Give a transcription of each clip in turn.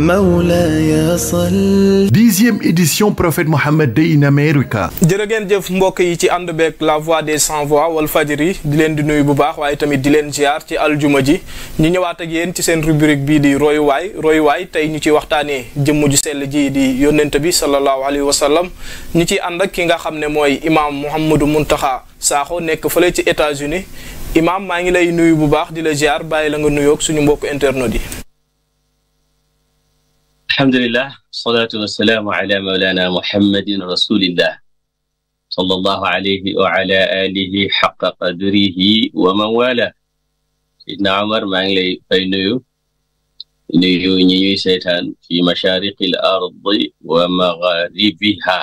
mawlaaya salli dixième édition prophète Mohammed Day in America jërë ngeen jëf mbokk yi ci ànd beeg la voix des sans voix wal fajri di leen di nuyu bu baax waaye tamit di leen ziar ci aljuma ji ñu ñëwaat ak yéen ci seen rubrique bii di royuwaay royuwaay tey ñu ci waxtaanee jëmm ju sell ji di yónnent bi sallallahu alayhi wa sallam ñu ciy ànd ak ki nga xam ne mooy imaam Mouhamadou Mountakha Sakho nekk fële ci États-Unis imaam maa ngi lay nuyu bu baax di la ziar bàyyi la nga nuyoog suñu mbokk internet yi alhamdulillah wasalaatu wasalaamu ala maulana muhammadin rasulillah sallallahu alayhi wa ala alihi xaqa qadrihi wa man maa ngi lay fay nuyu nuyu ñi ñuy seetaan fi mashariqi l ardi wa magharibiha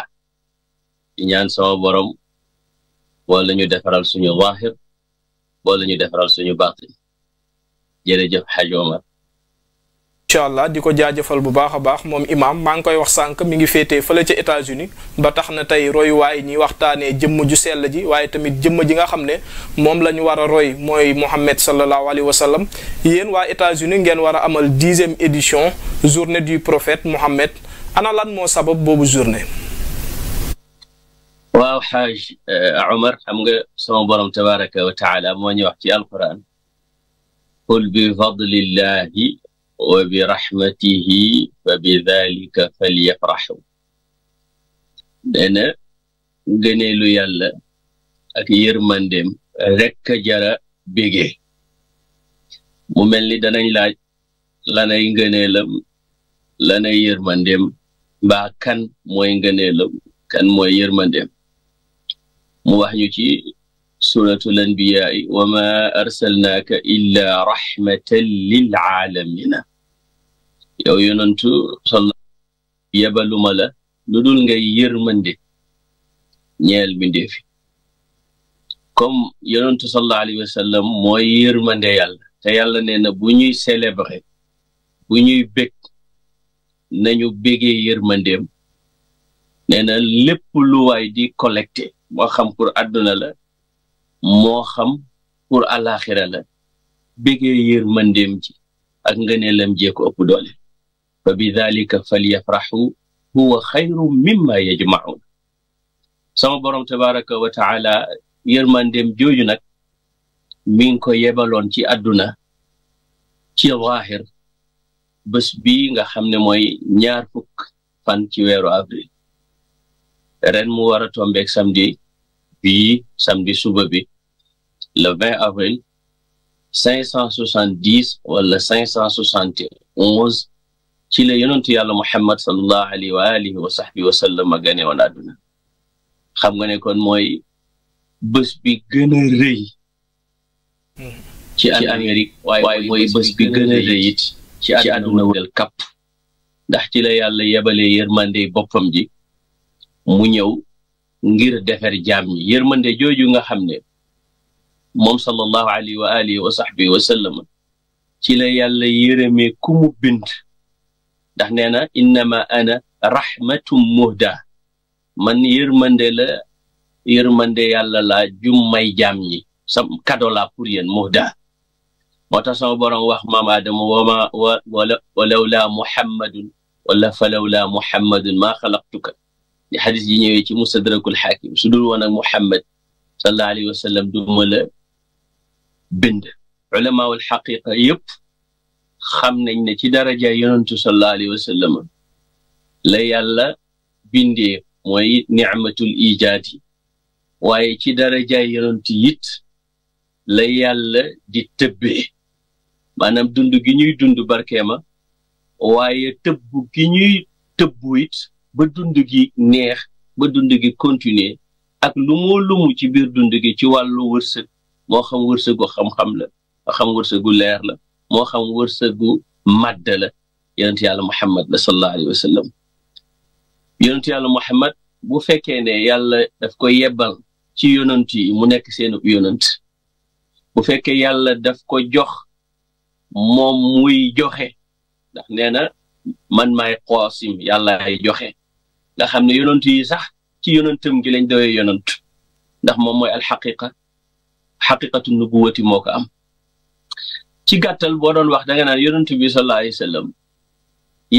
di ñaan sama borom defaral suñu zaahir wala ñu defaral suñu baatin jërëjëf incha allah di ko jaajëfal bu baax a baax moom imaam maa ngi koy wax sànq mi ngi féetee fële ca États-Unis ba tax na tey waaye ñuy waxtaanee jëmm ju sell ji waaye tamit jëmm ji nga xam ne moom la ñu war a roy mooy Mouhamed sallallahu alayhi wa sallam yéen waa États-Unis ngeen war a amal dixième édition journée du prophète Mouhamed ana lan moo sabab boobu journée. waaw xaaj eh, Omar xam nga sama borom tabaraka wa taala moo ñu wax ci alquran qul bi fadlillahi wa bi raxmatihi fa bi dalika falyafraxu nee na ngëneelu yàlla ak yërmandeem rekk jara bégee mu mel ni danañ laaj lanay ngëneelam lanay ba mbaa kan mooy ngëneelam kan mooy yërmandeem mu wax ñu suratul anbiyaai wa ma arsalnaaka illa rahmatan lil aalamina yow yonantu yebaluma la lu dul ngay yërmande ñeel mbindeefi comme yonantu sallallahu alayhi wa sallam mooy yërmande yàlla te yàlla nee na bu ñuy célébrer bu ñuy bég nañu bégee yërmandeem nee na lépp di collecté moo xam pour àdduna la moo xam pour àllaaxira la bégee yërmandeem ji ak ngëneelam jee ko ëpp doole fa bi dalika falyafraxu huwa xayru mimma yajmaun sama borom tabaraka wa taala yërmandeem jooju nag mi ngi ko yebaloon ci àdduna ci zaahir bés bii nga xam ne mooy ñaar fukk fan ci weeru avril ren mu war a tombeeg samedi bii samedi suba bi le 20 avril cinq cent wala cinq cent soixante onze ci la yonentu yàlla muhammad sallallahu alayhi wa alihi wa sahbihi wa sallam gane woon àdduna xam nga ne kon mooy bés bi gën a rëy ci Amérique waaye mooy ndax ci la yàlla yebalee yërmande boppam ji mu ñëw ngir defar jaam ñi yërmande jooju nga xam ne moom sallallahu alayhi wa alihi wa sahbihi wa sallam ci la yàlla yërëmee ku mu bind ndax nee na innama ana rahmatum muhda man yërmande la yërmande yàlla laa jum may jaam ñi sam kado laa pour yéen muhda moo tax wax maam aadama wama wa walaw wala falaw laa muhammadun maa xalaqtuka di xadis yi ñëwee ci mustadrakul xaakim su dul woon ak Muhammad sallallahu alayhi wa sallam du ma la bind ulamaawul xaqiqa yëpp xam nañ ne ci daraja yonentu sallallahu alayhi la yàlla bindee mooy nicmatul ijaad yi waaye ci daraja yonentu it la yàlla di tëbbee maanaam dund gi ñuy dund barkeema waaye tëbb gi ñuy tëbbu it ba dund gi neex ba dund gi continuer ak lu moo ci biir dund gi ci wàllu wërsëg moo xam wërsëgu xam-xam la moo xam wërsëgu leer la moo xam wërsëgu màdd la yonent yàlla muhammad la sallallahu alayhi wa sallam yonent yàlla muhammad bu fekkee ne yàlla daf ko yebal ci yonant yi mu nekk seen yonant bu fekkee yàlla daf ko jox moom muy joxe ndax nee na man maay xoosim yàlla ay joxe ndax xam ne yonantu yi sax ci yonantam gi lañ doyee yonant ndax moom mooy alxaqiqa xaqiqatu nubuwati moo ko am ci gàttal boo doon wax danga naan yonantu bi sallallahu alayhi wa sallam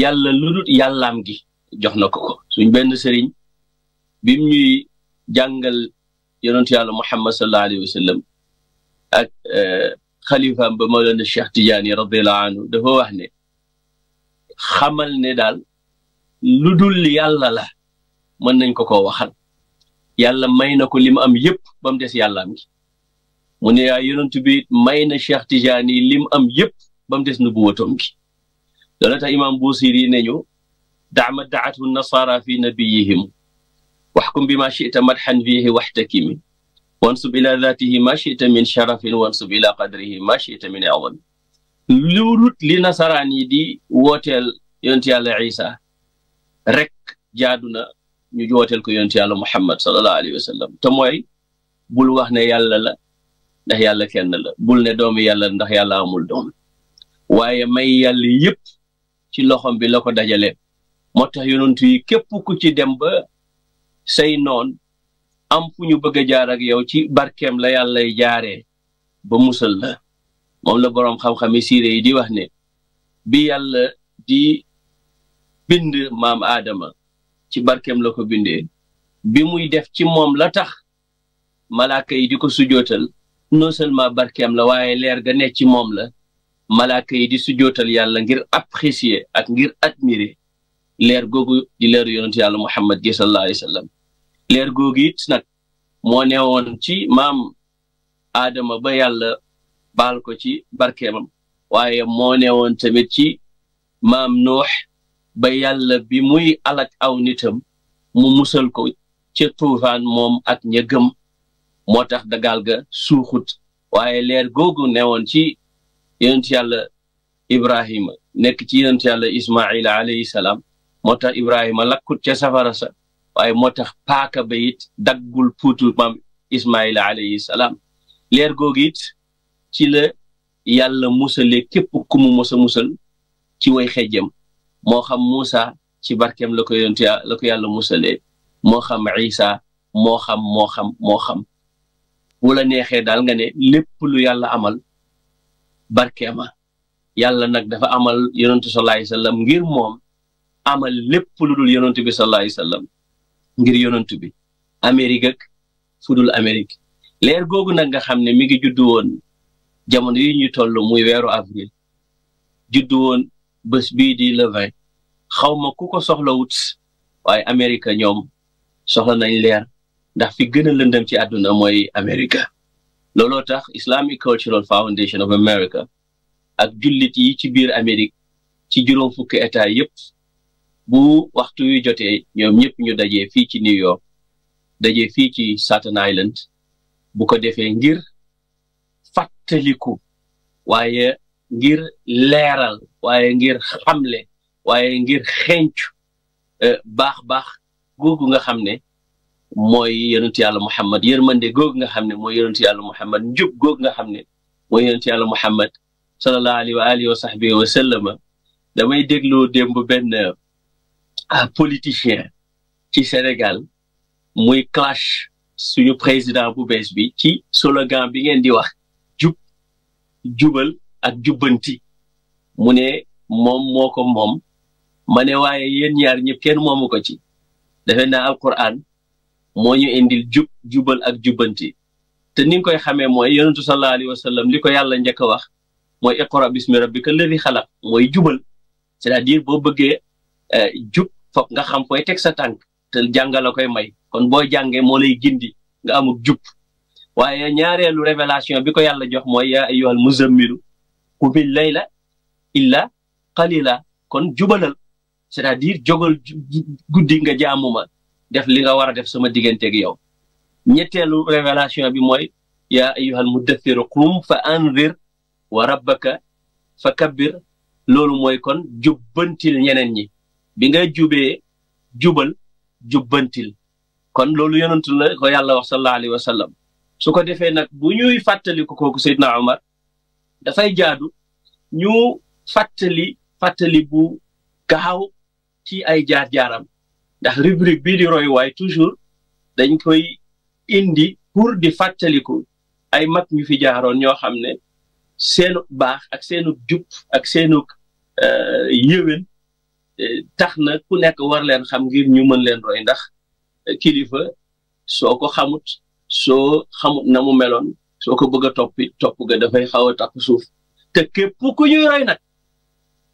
yàlla lu dul yàllaam gi jox na ko suñ benn sëriñ bim ñuy jàngal yonantu yàlla muhammad sallallahu alayhi wa sallam ak euh, xalifaam ba Mawlana Cheikh Tidiane radiyallahu anhu dafa wax ne xamal ne daal lu dul yàlla la mën nañ ko koo waxal yàlla may na ko li mu am yëpp ba mu des yàllaam gi mu ne yaa yonent bi may na Cheikh Tidiane yi li am yëpp ba mu des nubuwatoom gi loolu tax imaam Buusiri ne ñu daama daatu nasara fi nabiyihim waxkum bi ma chita madxan fiihi waxtakimi wansub ila datihi ma chita min sharafin wansub ila qadrihi ma chita min awami lu rut li nasaraan yi di wooteel yonent yàlla Isa rek jaadu na ñu jooteel ko yonent yàlla muhammad sallallahu alayhi wa sallam te mooy bul wax ne yàlla la ndax yàlla kenn la bul ne doomu yàlla ndax yàlla amul doom waaye may yàlla yëpp ci loxom bi la ko dajale moo tax yi képp ku ci dem ba say noon am fu ñu bëgg a jaar yow ci barkem la yàllay jaaree ba musal la moom la boroom xam-xami siire yi di bi yàlla di bind mam aadama ci barkem la ko bindee bi muy def ci moom la tax malaaka yi di ko sujootal non seulement barkeem la waaye leer ga ne ci moom la malaaka yi di sujootal yàlla ngir apprécier ak ngir admirer leer googu di leeru yonent yàlla muhammad gi sallallahu alayhi leer googu it nag moo newoon ci maam aadama ba yàlla baal ko ci barkeemam waaye moo tamit ci maam nuux ba yàlla bi muy alak aw nitam mu musal ko ca tuufaan moom ak ña gëm moo tax dagaal ga suuxut waaye leer googu newoon ci yonent yàlla ibrahima nekk ci yonent yàlla ismaila alayhi salaam moo tax ibrahima lakkut ca safara sa waaye moo tax paaka ba daggul puutu maam ismaila alayhi salaam leer googu ci la yàlla musale képp ku mu musal ci way xejjam moo xam Moussa ci barkem la ko yontu la ko yàlla moo xam Isa moo xam moo xam moo xam bu la neexee daal nga ne lépp lu yàlla amal barkeema yàlla nag dafa amal yonentu sallallahu alayhi wasallam ngir moom amal lépp lu dul yonentu bi sallallahu ngir yonentu bi Amérique ak fu dul Amérique leer googu nag nga xam ne mi ngi juddu woon jamono yi ñuy toll muy weeru avril juddu woon bi di le vingt xawma ku ko soxla wut waaye Amérique ñoom soxla nañ leer ndax fi gëna a lëndëm ci àdduna mooy amerika looloo tax Islamic Cultural Foundation of America ak jullit yi ci biir Amérique ci juróom fukki état yëpp bu waxtu wi jotee ñoom ñëpp ñu dajee fii ci New York dajee fii ci Staten Island bu ko defee ngir fàttaliku waaye ngir leeral waaye ngir xamle waaye ngir xencu eh, baax baax googu nga xam ne mooy yonent yàlla Muhammad yërmande googu nga xam ne mooy yonent yàlla Muhammad njub googu nga xam ne mooy yonent yàlla Muhammad sallallahu alayhi wa alihi wa sahbihi wa sallama damay déglu démb benn ah, politicien ci Sénégal muy clash suñu président bu bees bi ci slogan bi ngeen di wax jub jubal ak jubbanti mu ne moom moo moom ma ne waaye yéen ñaar ñëpp kenn moomu ko ci defe naa alquran moo ñu indil jub jubal ak jubbanti te ni koy xamee mooy yonentu sallallahu alayhi wa sallam li ko yàlla njëkk a wax mooy iqra bismi rabbika alladi xalaq mooy jubal c'est-à-dire boo bëggee eh, jub foog nga xam fooy teg sa tànk te jànga koy may kon boo jàngee moo lay gindi nga amul jub waaye ñaareelu révélation bi ko yàlla jox mooy yaa ayyuhal muzammilu qumil layla illa qalila kon jubalal c'est-à-dire jogal guddi nga jaamu def li nga war a def sama digganteeg yow ñetteelu révélation bi mooy yaa ayyuhal muddathiru qum fa anzir wa rabbaka fa kabbir loolu mooy kon jubbantil ñeneen ñi bi nga jubee jubal jubbantil kon loolu yonentu la ko yàlla wax sallallahu alayhi wa sallam su ko defee nag bu ñuy fàttali ko kooku Seydina Omar dafay jaadu ñu fàttali fàttali bu gaaw ci ay jaar-jaaram ndax rubrique bii di roy waay toujours dañ koy indi pour di fàttaliku ay mag ñu fi jaaroon ñoo xam ne seenu baax ak seenu jub ak seenu euh, yéwén euh, tax na ku nekk war leen xam ngir ñu mën leen roy ndax euh, kilifa soo ko xamut soo xamut na mu meloon soo ko bëgg a toppi topp ga dafay xaw a takk suuf te képp ku ñuy roy nag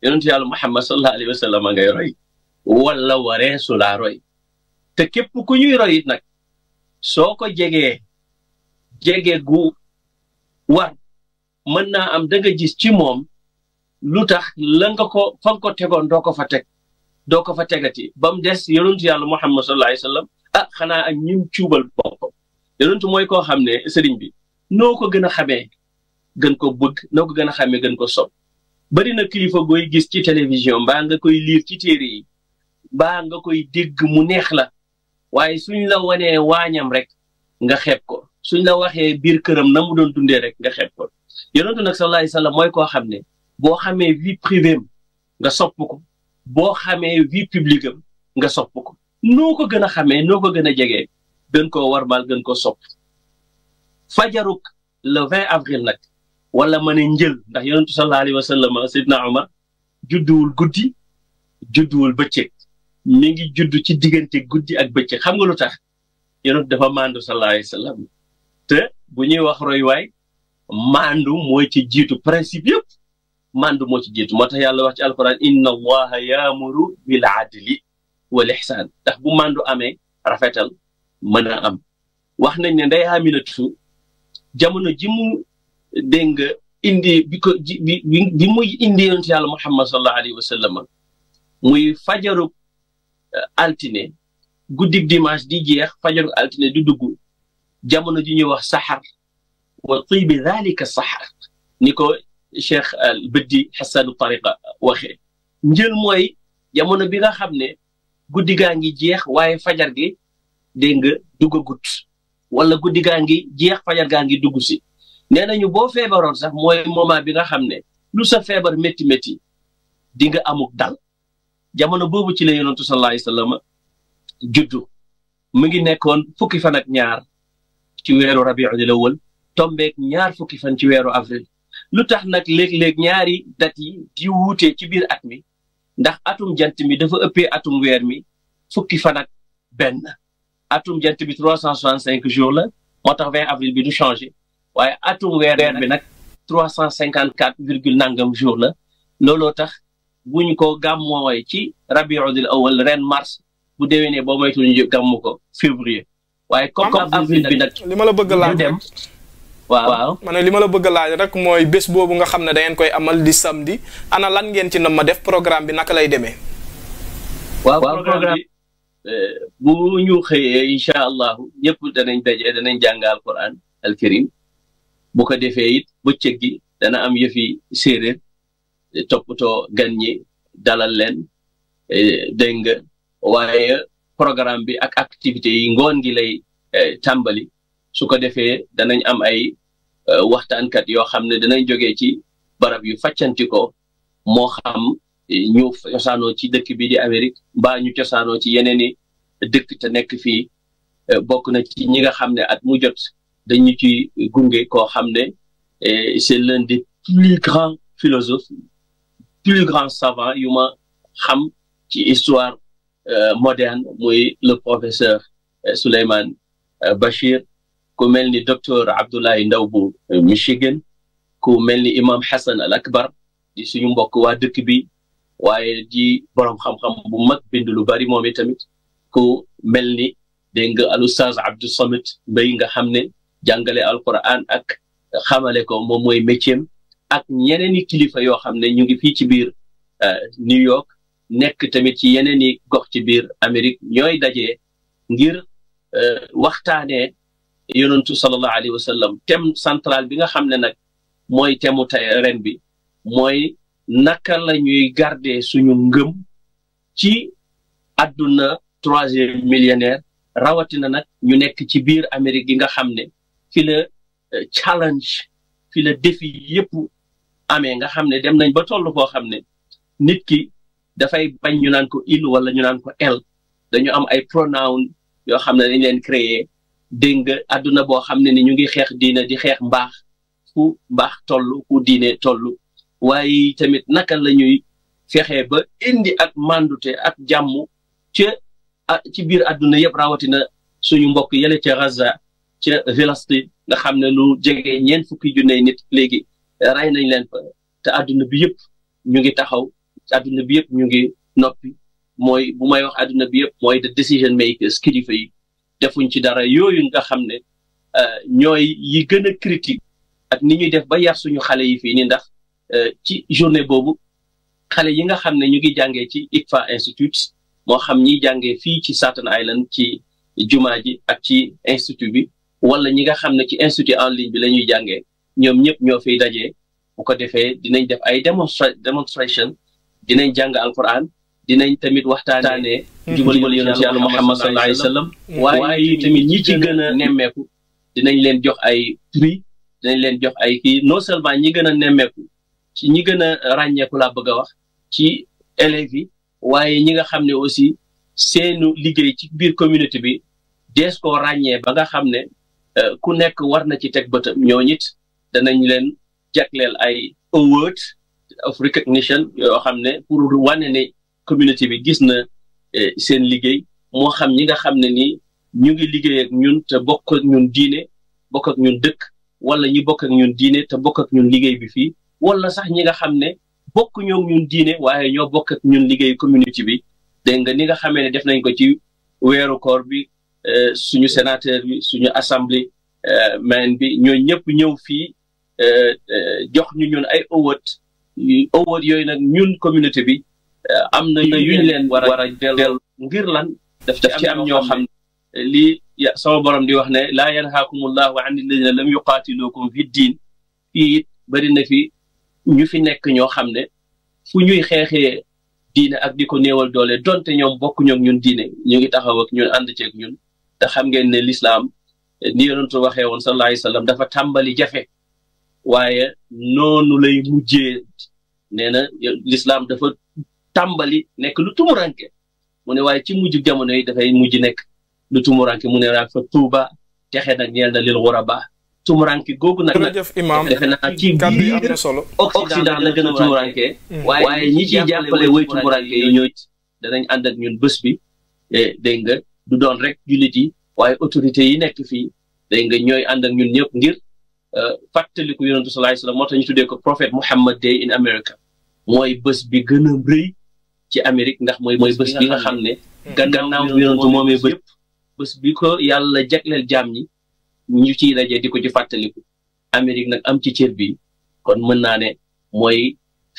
yonentu yàlla Muhammad sallallahu alayhi wa sallam ngay roy wala waree su laa te képp ku ñuy roy it nag soo ko jegee jege gu war mën naa am da nga gis ci moom lu tax la nga ko fa ko tegoon doo ko fa teg doo ko fa tegati ba mu des yonentu yàlla muhammad sallallahu alayhi wa sallam ah xanaa ak ñim cuubal boppam yonentu mooy koo xam ne sëriñ bi noo ko gën a xamee gën ko bëgg noo ko gën a xamee gën ko sopp bari na kilifa gooy gis ci télévision mbaa nga koy liir ci téere yi baa nga koy dégg mu neex la waaye suñ la wanee waañam rek nga xeeb ko suñ la waxee biir këram na mu doon dundee rek nga xeeb ko yonentu nag sallallahu alayhi wasallam mooy koo xam ne boo xamee vie privée nga sopp ko boo xamee vie publique nga sopp ko noo ko gën a xamee noo ko gën a jegee gën koo warmal gën ko sopp fajaruk le 20 avril nag wala ma ne njël ndax yonentu sallallahu alayhi wasallam Seydina Omar judduwul guddi judduwul bëccëg mi ngi judd ci diggante guddi ak bëcc xam nga lu tax yonent dafa maandu sallallahu alayhi wa sallam te bu ñuy wax royuwaay maandu mooy ci jiitu principe yëpp maandu moo ci jiitu moo tax wax ci alquran inna allaha yaamuru bil adli wal ihsaan ndax bu maandu amee rafetal mën a am wax nañ ne ndey Aminatu jamono ji mu dégg nga indi bi ko bi bi muy indi yonent yàlla Muhammad sallallahu alayhi wa sallam muy fajaru altine guddig dimanche di jeex fajaru altine di dugg jamono ji ñuy wax saxar wa tibi dhalika saxar ni ko cheikh al bëddi xasaanu tariqa waxee njël mooy jamono bi nga xam ne guddi gaa ngi jeex waaye fajar gi dégg nga dugg gut wala guddi gaa ngi jeex fajar gaa ngi dugg si nee nañu boo feebaroon sax mooy moment bi nga xam ne lu sa feebar métti méti di nga amuk dal jamono boobu ci la yonantu sallallahu alayhi wa sallam juddu mu ngi nekkoon fukki fan ñaar ci weeru rabiul awwal tombeek ñaar fukki fan ci weeru avril lu tax nag léeg-léeg ñaari dat yi di wute ci biir at mi ndax atum jant mi dafa ëppe atum weer mi fukki fan benn atum jant bi 365 jours la moo tax 20 avril bi du changé waaye atum weer bi nag 354 virgule nangam jour la looloo tax buñ ko gàmmooy ci rabiul awal ren mars bu déwénee boo moytuwul ñu gàmm ko février. waaye comme avril bi nag li ma la bëgg a laaj dem waaw. ma ne li ma la bëgg a laaj rek mooy bés boobu nga xam ne da ngeen koy amal di samedi ana lan ngeen ci nam ma def programme bi naka lay demee. waaw programme bi eh, bu ñu xëyee incha allah ñëpp danañ daje danañ jàng alquran alkarim bu ko defee it bëccëg gi dana am yëfi séeréer. toppatoo gan ñi dalal leen e, dégg nga waaye programme bi ak activité yi ngoon gi lay e, tàmbali su ko defee danañ am ay e, waxtaankat yoo xam ne danañ jógee ci barab yu faccantikoo moo xam ñu cosaanoo ci dëkk bi di Amérique mbaa ñu cosaanoo ci yeneeni dëkk te nekk fii bokk na ci ñi nga xam ne at mu jot dañu ci gunge koo xam ne c'est l'un des plus grands philosophes plus grand savant yu ma xam ci histoire euh, moderne muy le professeur euh, Souleymane euh, Bachir ku mel ni docteur Abdoulaye Ndaw bu Michigan ku mel ni imam Hassan al Akbar di suñu mbokk waa dëkk bi waaye di borom xam-xam bu mag bind lu bari moom tamit ku mel ni dégg nga alustaz Abdou Samit Mbay nga xam ne jàngale Alquran ak xamale ko moom mooy ak yeneen i kilifa yoo xam ne ñu ngi fii ci biir euh, New York nekk tamit ci yeneen i gox ci biir Amérique ñooy daje ngir euh, waxtaanee yonentu sallallahu alayhi wa sallam thème bi nga xam ne nag mooy thème ren bi mooy naka la ñuy garder suñu ngëm ci adduna trois troisième millénaire rawatina nag ñu nekk ci biir Amérique gi nga xam ne fi la euh, fi la défi yëpp amee nga xam ne dem nañ ba toll boo xam ne nit ki dafay bañ ñu naan ko il wala ñu naan ko el dañu am ay pronoun yoo xam ne dañ leen créer dégg nga àdduna boo xam ne ni ñu ngi xeex diine di xeex mbaax ku mbaax toll ku diine toll waaye tamit naka la ñuy fexee ba indi ak mandute ak jàmm ca ci biir adduna yëpp rawatina suñu mbokk yële ca Gaza ca Velastri nga xam ne lu jege ñeent fukki junne nit léegi rey nañ leen te àdduna bi yëpp ñu ngi taxaw àdduna bi yëpp ñu ngi noppi mooy bu may wax àdduna bi yëpp mooy the decision makers kilifa yi defuñ ci dara yooyu nga xam ne euh, ñooy yi gën a critique ak ni ñuy def ba yar suñu xale yi fii ni ndax euh, ci journée boobu xale yi nga xam ne ñu ngi jàngee ci ICFA Institute moo xam ñi jàngee fii ci Staten Island ci jumaa ji ak ci institut bi wala ñi nga xam ne ci institut en ligne bi la ñuy jàngee ñoom ñëpp ñoo fiy dajee bu ko defee dinañ def ay démonstra démonstration dinañ jàng alquran dinañ tamit waxtaanee hmm. jubal yonent yàlla Muhammad sallallahu alayhi wa sallam hmm. waaye hmm. yi tamit ñi ci gën a nemmeeku dinañ leen jox ay prix dinañ leen jox ay kii non seulement ñi gën a nemmeeku ci ñi gën a ràññeeku laa bëgg a wax ci élèves waaye ñi nga xam ne aussi seenu liggéey ci biir communauté bi dees koo ràññee ba nga xam ne Euh, ku nekk war na ci teg bëtam ñoo ñit danañ leen jagleel ay award of recognition yoo xam ne pour wane ne communauté bi gis na eh, seen liggéey moo xam ñi nga xam ne ni ñu ngi liggéey ñun te bokk ñun diine bokk ñun dëkk wala ñi bokk ak ñun diine te bokk ñun liggéey bi fii wala sax ñi nga xam ne bokk ñoo ñun diine waaye ñoo bokk ñun liggéey communauté bi dégg nga ni nga xamee ne def nañ ko ci weeru koor bi Euh, suñu sénateur bi suñu assemblée euh, man bi ñoo ñëpp ñëw fii euh, jox ñu ñun ay award award yooyu nag ñun communauté bi am na yuñ leen war a del ngir lan daf ci am ñoo xam ne lii sama borom di wax ne laa yanhaakum allahu an alladina lam yuqaatilukum fi diin fii it bëri na fi ñu fi nekk ñoo xam ne fu ñuy xeexee diine ak di ko néewal doole donte ñoom bokk ñoom ñun diine ñu ngi taxawak ak ñun ànd ceeg ñun te xam ngeen ne lislaam ni yonentu waxee woon sallallahu alayhi wasallam dafa tàmbali jafe waaye noonu lay mujjee nee na dafa tàmbali nekk lu tumuranke mu ne waaye ci mujj jamono yi dafay mujj nekk lu tumuranke mu ne raak fa tuuba texe nag ñeel na lil xuraba tumuranke googu nag nag defe naa ci biir occident la gën a tumuranke mm. waaye ñi ciy jàppale way tumuranke yi ñooy danañ ànd ñun bés bi eh, dégg du doon rek jullit yi waaye autorités yi nekk fii day nga ñooy ànd ak ñun ñëpp ngir euh, fàttaliku yonentu sallallahu alayhi wasallam moo tax ñu tuddee ko prophète Muhammad Day in mooy bés bi gën a ci Amérique ndax mooy mooy bés bi nga xam ne hmm. gannaaw yonentu moomee bés bés bi ko yàlla jagleel jaam ñi ñu ci daje di ko ci fàttaliku Amérique nag am ci cër bi kon mën naa ne mooy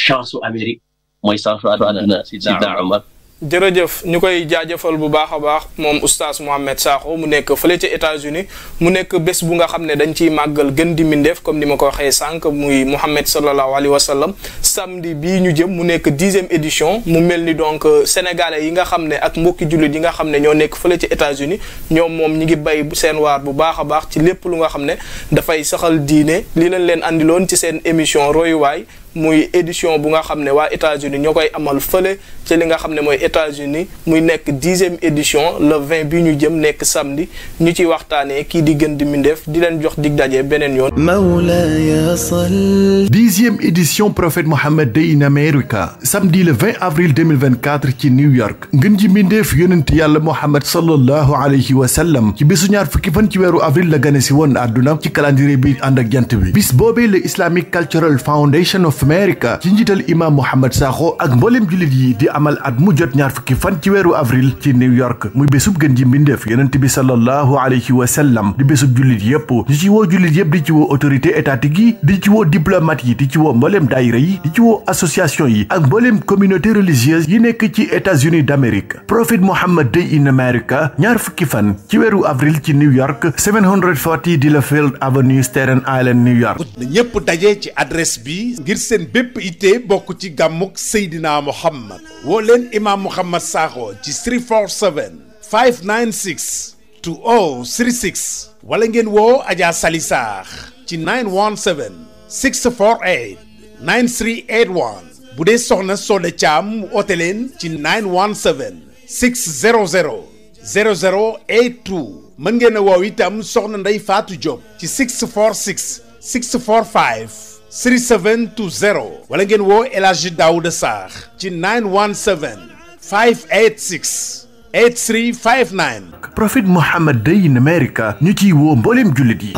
chance Amérique mooy chance su àdduna si daa Omar jërëjëf ñu koy jaajëfal bu baax a baax moom oustaz Mohamed Sakho mu nekk fële ca états mu nekk bés bu nga xam ne dañ ciy màggal gën di mindeef comme ni ma ko waxee sànq muy Mohamed sallallahu alayhi wa sallam samedi bii ñu jëm mu nekk dixième édition mu mel ni donc euh, sénégalais yi nga xam ne ak mbokki jullit yi nga xam ne ñoo nekk fële ci États-Unis ñoom moom ñi ngi bay seen waar bu baax a baax ci lépp lu nga xam ne dafay saxal diine li leen leen andiloon ci seen émission royuwaay muy édition bu nga xam ne waa États-Unis ñoo koy amal fële ci li nga xam ne mooy États-Unis muy nekk dixième édition le 20 bi ñu jëm nekk samedi ñu ci waxtaanee kii di gën di mindeef di leen jox dig daje beneen yoon. Mawlaya sall. dixième édition Prophet Muhammad Day in America samedi le 20 avril 2024 ci New York ngën ji mindeef yonent yàlla Muhammad sallallahu alayhi wa sallam ci bisu ñaar fukki fan ci weeru avril la gane si woon àdduna ci calendrier bi ànd ak jant bi bis boobee le Islamic Cultural Foundation of Amérique ci njiital imam Mouhamed Sakho ak mbooleem jullit yi di amal at mu jot ñaar fukki fan ci weeru avril ci New York muy bésub gën ji mbindeef yonent bi sallallahu alayhi wa sallam di bésub jullit yépp di ci woo jullit yépp di ci woo autorité étatique yi di ci woo diplomate yi di ci woo mbooleem daayira yi di ci woo association yi ak mbooleem communauté religieuse yi nekk ci États-Unis d'Amérique Prophet Muhammad Day in America ñaar fukki fan ci weeru avril ci New York 740 Delafield Avenue Staten Island New York ñépp daje ci seen bépp ittee bokk ci gàmmuk Seydina Muhammad woo leen imaam Muhammad Sakho ci 347 596 2036 wala ngeen woo Adja Sali Sarr ci 917 648 9381 bu dee soxna Soda Thiam mu oote leen ci 917 600 0082 mën ngeen a woow itam soxna Ndeye Fatou Diop ci 646 645 37 to 0 wala ngeen woo El Hadji Daouda Sarr ci 917 586 8359 Prophet Muhammad Day in America ñu ciy woo mbooleem jullit yi